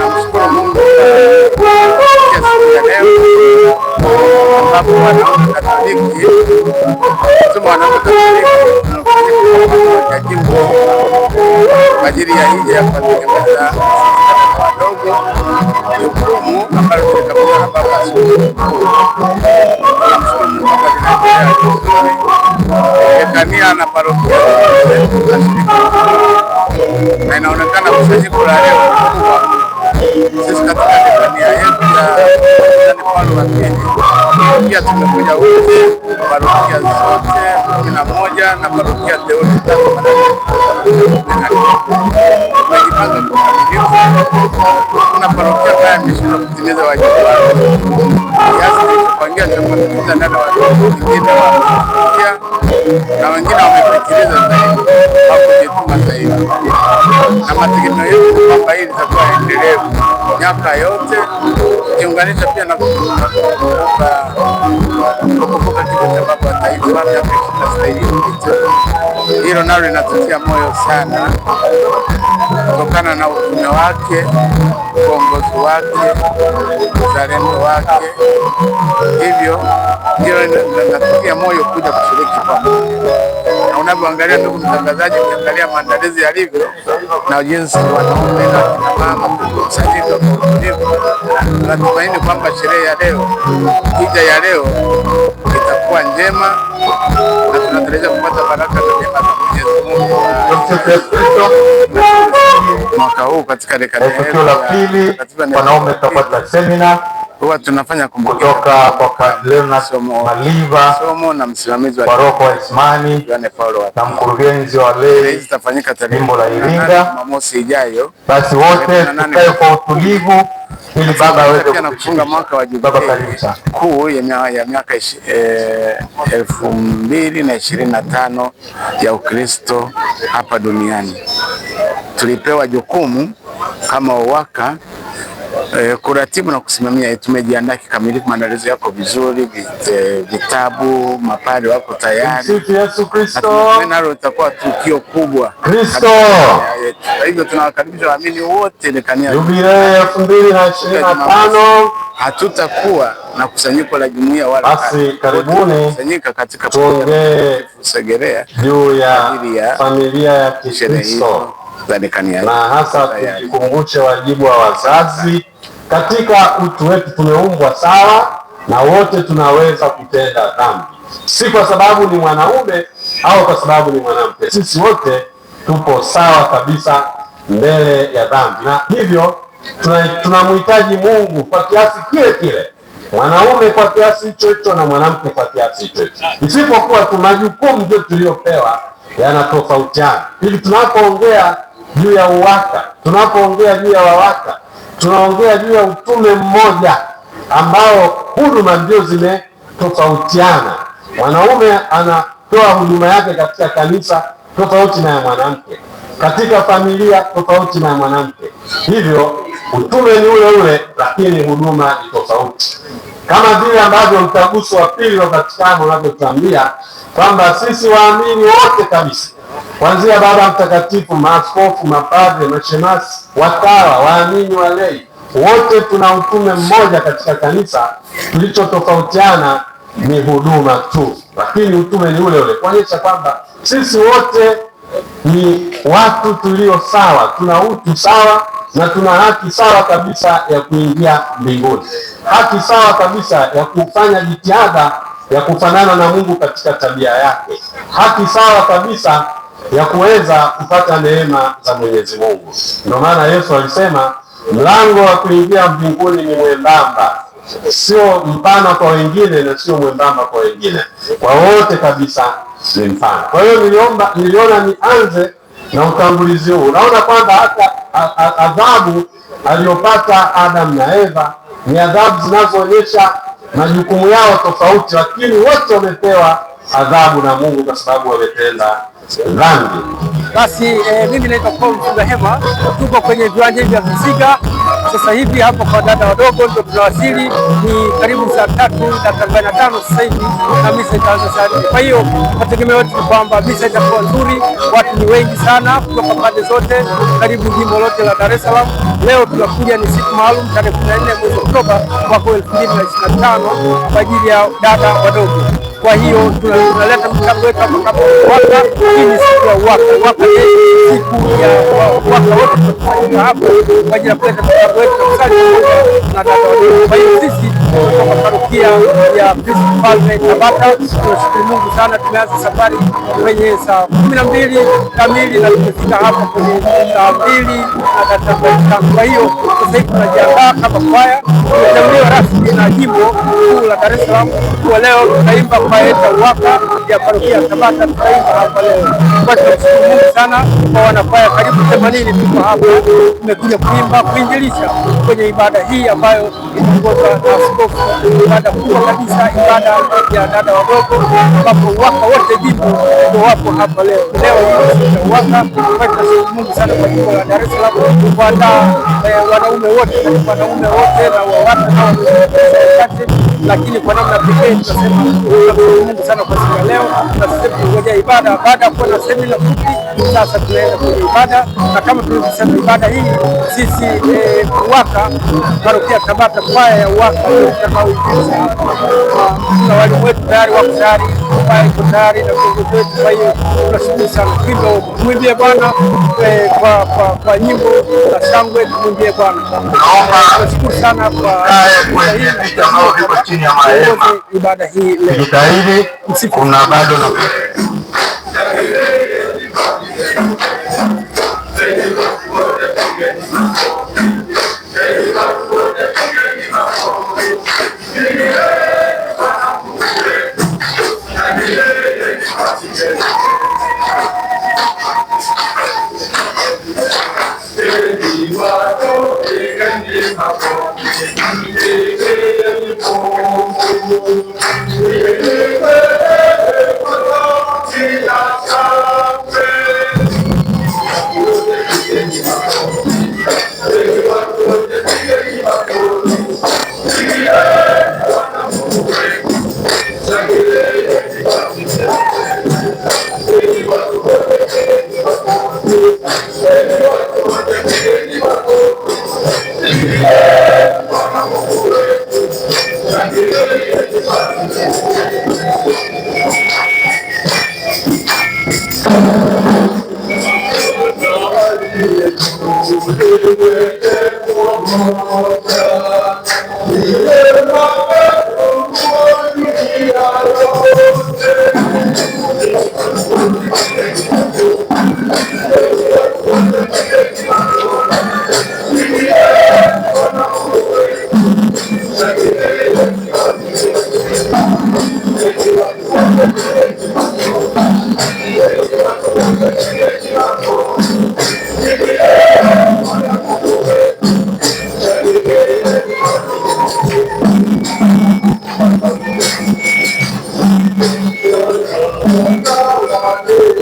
tunamshukuru Mungu kwa siku ya leo jimbo kwa ajili ya hija ya kuwategemeza wadogo jukumu ambalo tulikabidhiwa na Baba Askofu. Tunamshukuru na parokia na inaonekana kusanyiko la leo sisi katika Tanzania yetu ya Kenya pia tumekuja wote parokia zote kumi na moja na parokia teule tumejipanga kuna parokia kaya imeshindwa kutimiza wajibu wao kiasi kupangia chakula ndani wa parokia na wengine wame na mategemeo yetu kwamba hii litakuwa endelevu miaka yote, kiunganisha pia na kukumbuka kifo cha baba wa taifa miaka ishirini na sita iliyopita. Hilo nalo linatutia moyo sana kutokana na utume wake, uongozi wake, uzalendo wake. Hivyo hilo linatutia moyo kuja kushiriki pamoja unavyoangalia ndugu mtangazaji, ukiangalia maandalizi yalivyo na jinsi wanaume na mama kusajili kwa utulivu, kwamba sherehe ya leo, kija ya leo itakuwa njema na tunatarajia kupata baraka za neema za Mwenyezi Mungu mwaka huu katika dekada ya pili. Wanaume tutapata seminar huwa tunafanya kumbukumbu kutoka kwa Leonas Maliva somo na msimamizi wa paroko wa Ismani na mkurugenzi wa lei. Zitafanyika tarehe jimbo la Iringa Jumamosi ijayo. Basi wote tukae kwa utulivu ili baba aweze kufunga mwaka wa kanisa kuu ya miaka e, elfu mbili na ishirini na tano ya Ukristo hapa duniani. Tulipewa jukumu kama uwaka E, kuratibu na kusimamia. Tumejiandaa kikamilifu, maandalizi yako vizuri, eh, vitabu, mapadri wako tayari, nalo litakuwa tukio kubwa. Kwa hivyo tunawakaribisha waamini wote Lekania. Jubilei elfu mbili na ishirini na tano hatutakuwa na kusanyiko la jumuiya wala basi. Karibuni kusanyika katika Segerea juu ya familia ya Kikristo na hasa tujikumbushe wajibu wa wazazi katika utu wetu. Tumeumbwa sawa na wote tunaweza kutenda dhambi, si kwa sababu ni mwanaume au kwa sababu ni mwanamke. Sisi wote tupo sawa kabisa mbele ya dhambi, na hivyo tunamhitaji tuna Mungu kwa kiasi kile kile, mwanaume kwa kiasi hicho hicho na mwanamke kwa kiasi hicho hicho, isipokuwa tu majukumu ndio tuliyopewa yanatofautiana. Hivi tunapoongea juu ya uwaka. Tunapoongea juu ya wawaka, tunaongea juu ya utume mmoja ambao huduma ndio zimetofautiana. Mwanaume anatoa huduma yake katika kanisa tofauti na ya mwanamke, katika familia tofauti na ya mwanamke. Hivyo utume ni ule ule, lakini huduma ni tofauti, kama vile ambavyo mtaguso wa pili wa Vatikano unavyotuambia kwamba sisi waamini wote kabisa kuanzia Baba Mtakatifu, maaskofu, mapadre, mashemasi, watawa, waamini, walei, wote tuna utume mmoja katika kanisa. Tulichotofautiana ni huduma tu, lakini utume ni ule ule, kuonyesha kwamba sisi wote ni watu tulio sawa, tuna utu sawa na tuna haki sawa kabisa ya kuingia mbinguni, haki sawa kabisa ya kufanya jitihada ya kufanana na Mungu katika tabia yake, haki sawa kabisa ya kuweza kupata neema za Mwenyezi Mungu. Ndio maana Yesu alisema mlango wa kuingia mbinguni ni mwembamba, sio mpana kwa wengine na sio mwembamba kwa wengine, kwa wote kabisa ni mpana. Kwa hiyo niliomba, niliona nianze na utangulizi huu. Unaona kwamba hata adhabu aliyopata Adamu na Eva ni adhabu zinazoonyesha majukumu yao tofauti, lakini wote wamepewa adhabu na Mungu kwa sababu wametenda rangi. Basi eh, mimi naitwa Paul Mfunga Hema, tuko kwenye viwanja vya Msiga sasa hivi hapa kwa dada wadogo ndio tunawasili, ni karibu saa tatu dakika arobaini na tano sasa hivi, na misa itaanza saa nne. Kwa hiyo mategemeo yetu ni kwamba misa itakuwa nzuri, watu ni wengi sana kutoka pande zote, karibu jimbo lote la Dar es Salaam. Leo tunakuja ni siku maalum, tarehe kumi na nne mwezi Oktoba mwaka elfu mbili na ishirini na tano kwa ajili ya dada wadogo. Kwa hiyo tunaleta mchango wetu hapa kama UWAKA. Hii ni siku ya UWAKA, UWAKA ni siku ya UWAKA wote tunafanyika kwa ajili ya kuleta mchango wetu na sisi kutoka parokia ya Kristo Mfalme Tabata. Tunashukuru Mungu sana, tumeanza safari kwenye saa kumi na mbili kamili na tumefika hapa kwenye saa mbili na dakika na tano. Kwa hiyo sasa hivi tunajiandaa kama kwaya, tumetambuliwa rasmi na jimbo kuu la Dar es Salaam kwa leo, tutaimba kwaya TAUWAKA ya parokia Tabata, tutaimba hapa leo. Kwa tunashukuru Mungu sana kwa wanakwaya karibu themanini tuko hapa, tumekuja kuimba kuinjilisha kwenye ibada hii ambayo inaongozwa na askofu, ibada kubwa kabisa, ibada ya dada wadogo, ambapo waka wote jimbo ndio wapo hapa leo. Leo hii waka tunashukuru Mungu sana kwa jimbo la Dar es Salaam kuandaa wanaume wote wanaume wote na wawake na wachache lakini kwa namna pekee tunasema tunashukuru Mungu sana kwa siku ya leo, na sisi tunangoja ibada. Baada ya kuwa na semina fupi, sasa tunaenda kwenye ibada, na kama tulivyosema ibada hii sisi eh, parokia Tabata kwaya ya UWAKA utakaoigiza hapa na walimu wetu tayari wako tayari, kwaya iko tayari na viongozi wetu. Kwa hiyo tunashukuru sana, kuimba kumwimbie Bwana eh, kwa nyimbo na shangwe, kumwimbie Bwana. Tunashukuru sana kwa ibada hii leo. Msifu. Kuna bado na Thank you.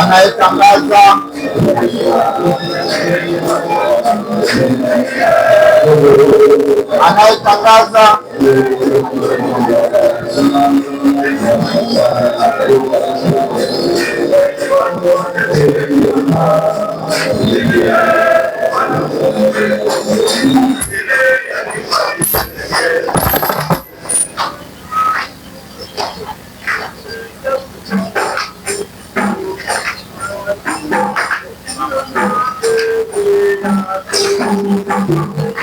anayetangaza anayetangaza 啊！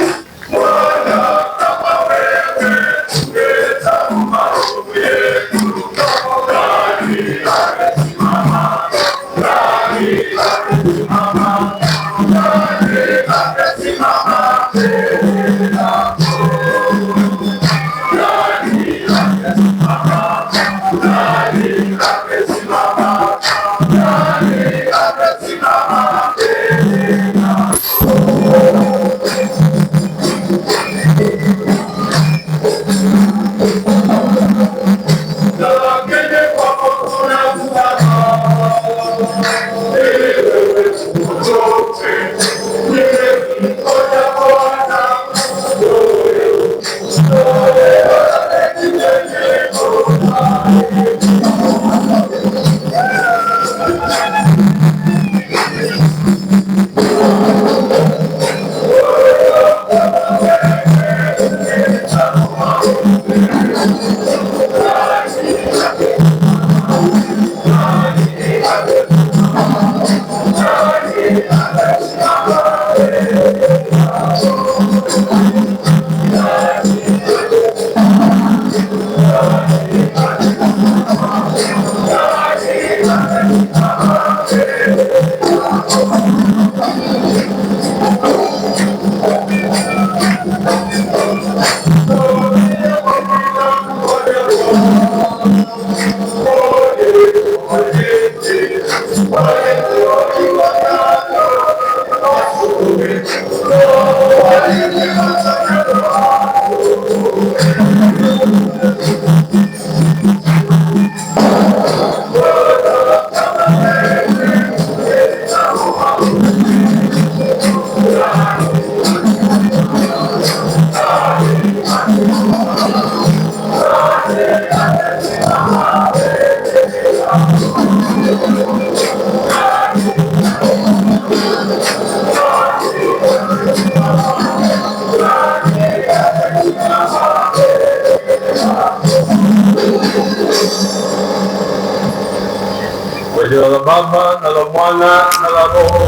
jina la Baba na la Mwana na la Roho.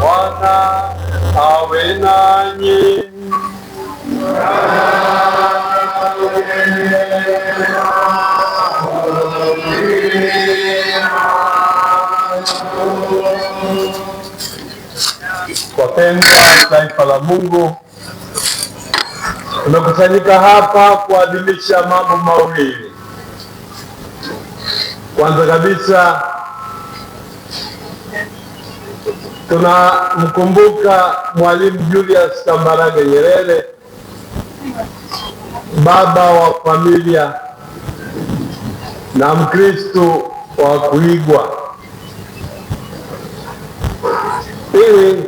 Bwana awe nanyi. Wapendwa taifa la Mungu, tumekusanyika hapa kuadhimisha mambo mawili kwanza kabisa tunamkumbuka Mwalimu Julius Kambarage Nyerere, baba wa familia na Mkristo wa kuigwa. Pili,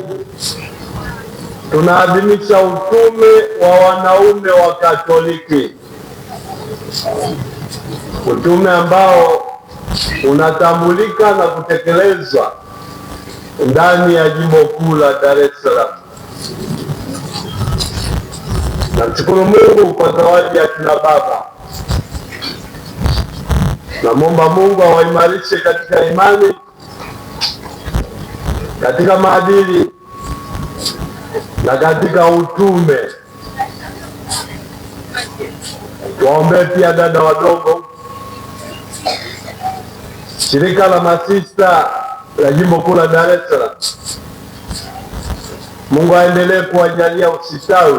tunaadhimisha utume wa wanaume wa Katoliki, utume ambao unatambulika na kutekelezwa ndani ya jimbo kuu la Dar es Salaam. Namshukuru Mungu kwa zawadi ya kina baba. Namwomba Mungu awaimarishe katika imani, katika maadili na katika utume. Waombee pia dada wadogo Shirika la masista la jimbo kuu la Dar es Salaam, Mungu aendelee kuwajalia usitawi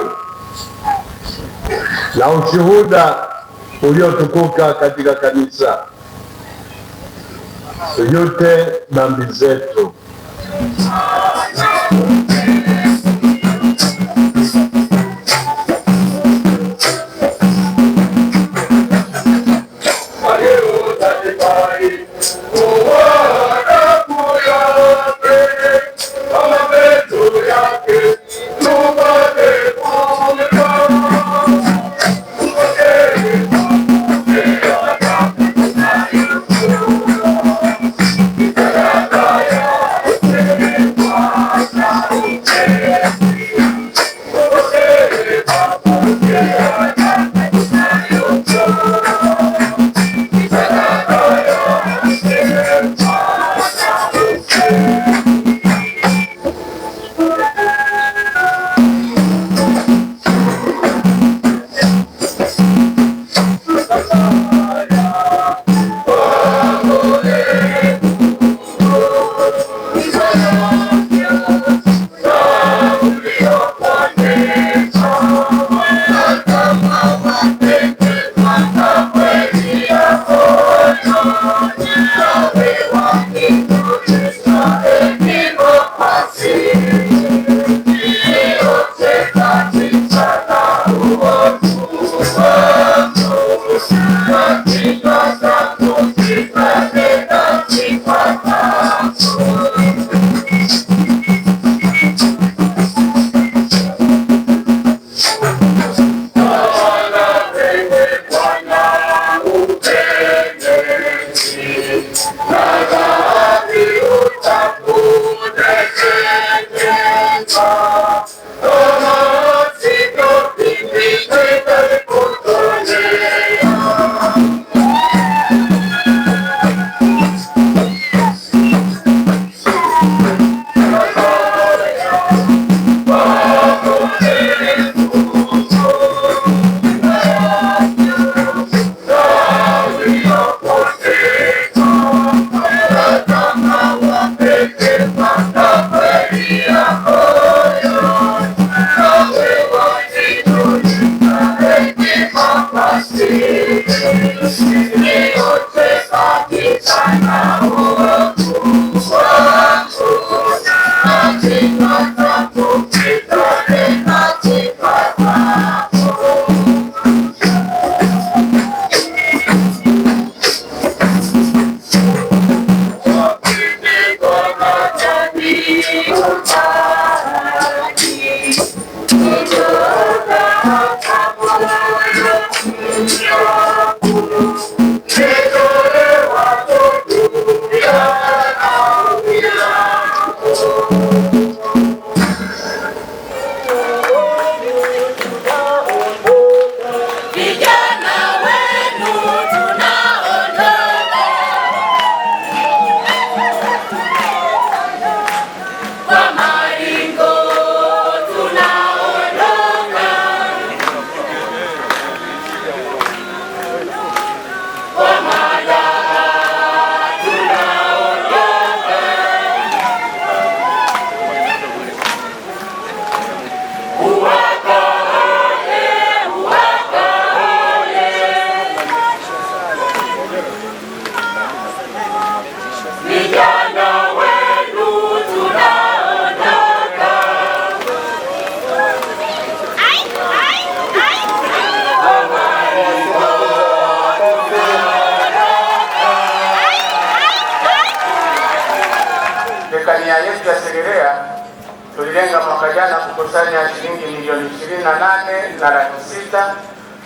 na ushuhuda uliotukuka katika kanisa, tujute dhambi zetu.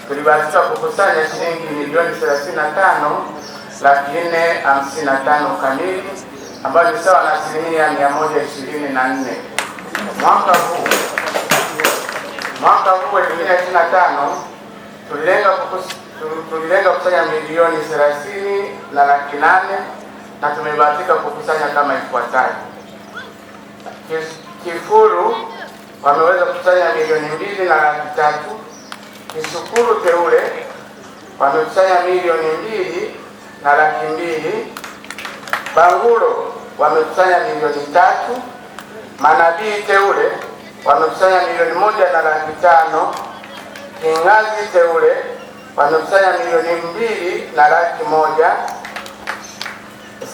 tulibahatika kukusanya shilingi milioni 35 laki 455 kamili ambayo ni sawa na asilimia 124 Mwaka huu mwaka huu elfu mbili tulilenga kukusanya milioni 30 na laki nane na tumebahatika kukusanya kama ifuatayo: Kifuru wameweza kukusanya milioni mbili na laki tatu ni teule wamekusanya milioni mbili na laki mbili, Bangulo wamekusanya milioni tatu, manabii teule wamekusanya milioni moja na laki tano, Kingazi teule wamekusanya milioni mbili na laki moja,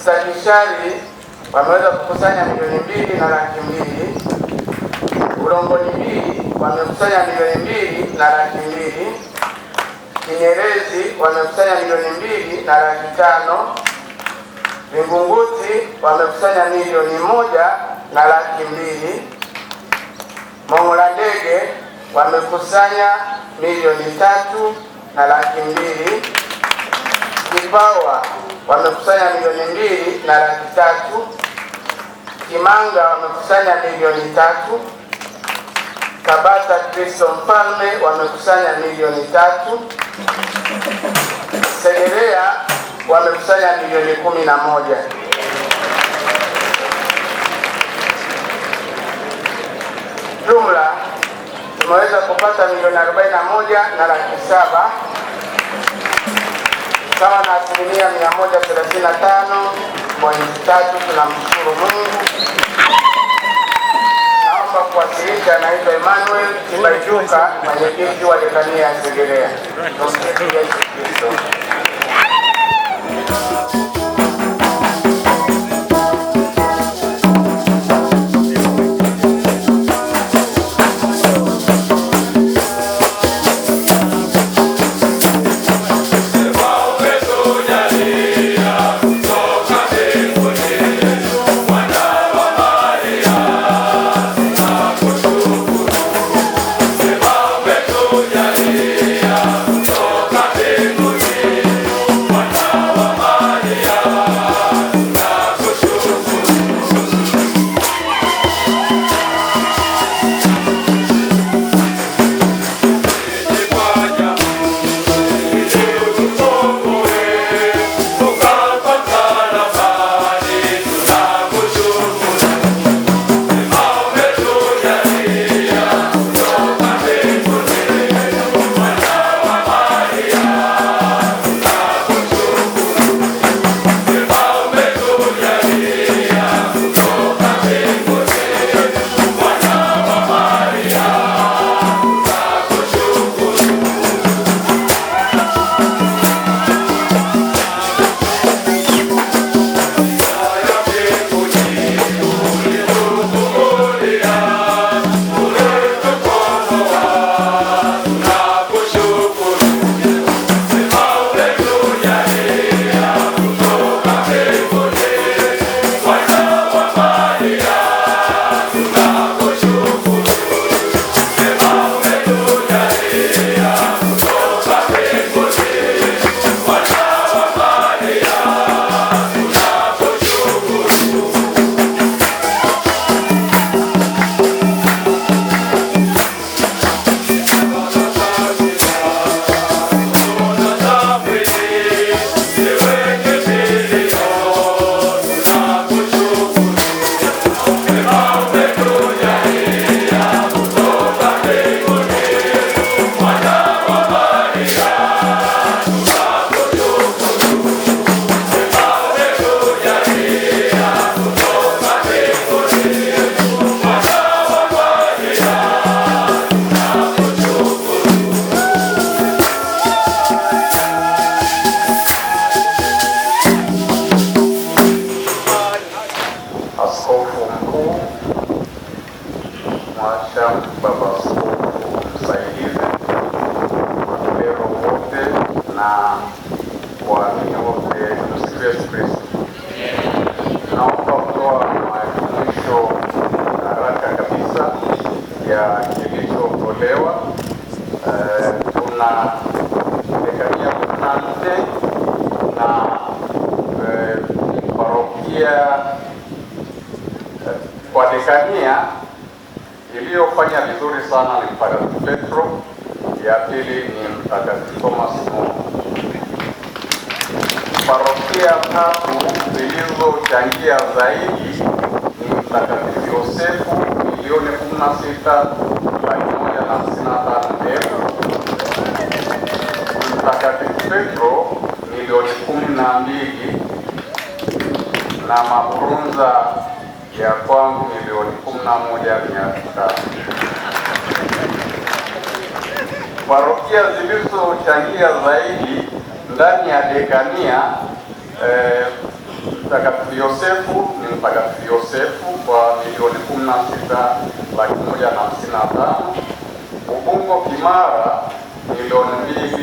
Sakishari wameweza kukusanya milioni mbili na laki mbili, Ulongoni mbili wamekusanya milioni mbili na laki mbili Kinyerezi wamekusanya milioni mbili na laki tano Vingunguti wamekusanya milioni moja na laki mbili ndege wamekusanya milioni tatu na laki mbili Kipawa wamekusanya milioni mbili na laki tatu Kimanga wamekusanya milioni tatu Kabata Kristo Mfalme wamekusanya milioni tatu, Segerea wamekusanya milioni kumi na moja. Jumla tumeweza kupata milioni arobaini na moja na laki saba sawa na asilimia mia moja thelathini na tano pointi tatu. Tunamshukuru Mungu kuwakilisha anaitwa Emmanuel Baijuka, mwenyekiti wa dekania ya Segerea. Tchau, então, babá. vilivyochangia zaidi ni mtakatifu Yosefu milioni kumi na sita laki moja na hamsini na tano elfu, mtakatifu Petro milioni kumi na mbili na mabrunza ya kwangu milioni kumi na moja mia sita. Parokia zilizochangia zaidi ndani ya dekania eh, Mtakatifu Yosefu ni Mtakatifu Yosefu kwa milioni kumi na sita laki moja na hamsini na tano. Ubungo Kimara milioni mbili